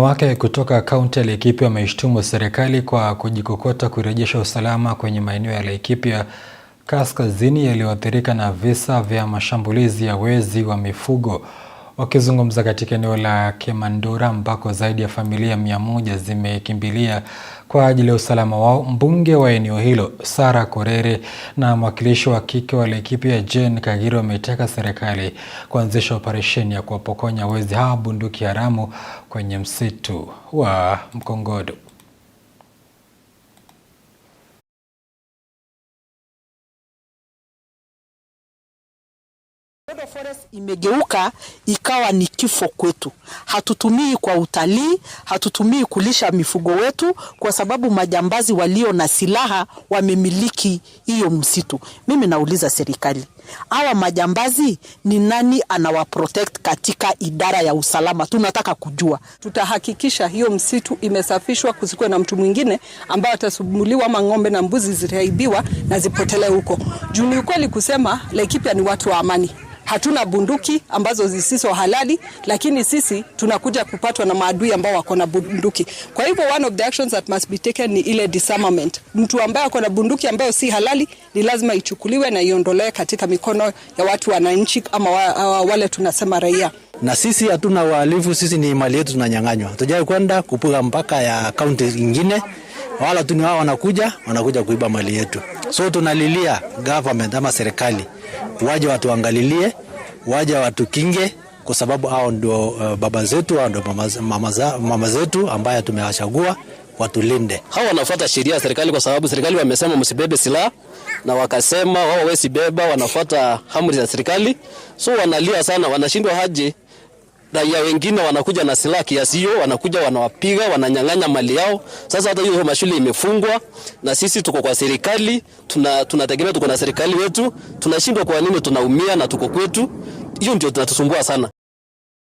Wanawake kutoka kaunti ya Laikipia wameishtumu serikali kwa kujikokota kurejesha usalama kwenye maeneo ya Laikipia kaskazini yaliyoathirika na visa vya mashambulizi ya wezi wa mifugo. Wakizungumza katika eneo la kemandora ambako zaidi ya familia mia moja zimekimbilia kwa ajili ya usalama wao, mbunge wa eneo hilo Sarah Korere na mwakilishi wa kike wa Laikipia Jane Kagiro wametaka serikali kuanzisha operesheni ya kuwapokonya wezi hawa bunduki haramu kwenye msitu wa Mkongodo. Global Forest imegeuka ikawa ni kifo kwetu. Hatutumii kwa utalii, hatutumii kulisha mifugo wetu, kwa sababu majambazi walio na silaha wamemiliki hiyo msitu. Mimi nauliza serikali, hawa majambazi ni nani anawaprotect katika idara ya usalama? Tunataka kujua. Tutahakikisha hiyo msitu imesafishwa, kusikuwe na mtu mwingine ambaye atasumbuliwa, ama ng'ombe na mbuzi zitaibiwa na zipotelee huko. Juu ni ukweli kusema Laikipia ni watu wa amani hatuna bunduki ambazo zisizo halali, lakini sisi tunakuja kupatwa na maadui ambao wako na bunduki. Kwa hivyo one of the actions that must be taken ni ile disarmament. Mtu ambaye ako na bunduki ambayo si halali ni lazima ichukuliwe na iondolewe katika mikono ya watu wananchi, ama wa, wale tunasema raia. Na sisi hatuna wahalifu, sisi ni mali yetu tunanyang'anywa. tujai kwenda kupiga mpaka ya kaunti nyingine, wala tuni wao wanakuja wanakuja kuiba mali yetu. So tunalilia government ama serikali waje watuangalilie, waje watukinge kwa sababu hao ndio uh, baba zetu, hao ndio mama, mama zetu ambaye tumewachagua watulinde. Hao wanafuata sheria ya serikali, kwa sababu serikali wamesema msibebe silaha na wakasema wao wesibeba, wanafuata amri za serikali, so wanalia sana, wanashindwa haji raia wengine wanakuja na silaha kiasi hiyo, wanakuja wanawapiga, wananyang'anya mali yao. Sasa hata hiyo mashule imefungwa, na sisi tuko kwa serikali, tunategemea tuna tuko na serikali wetu, tunashindwa. Kwa nini tunaumia na tuko kwetu? Hiyo ndio tunatusumbua sana.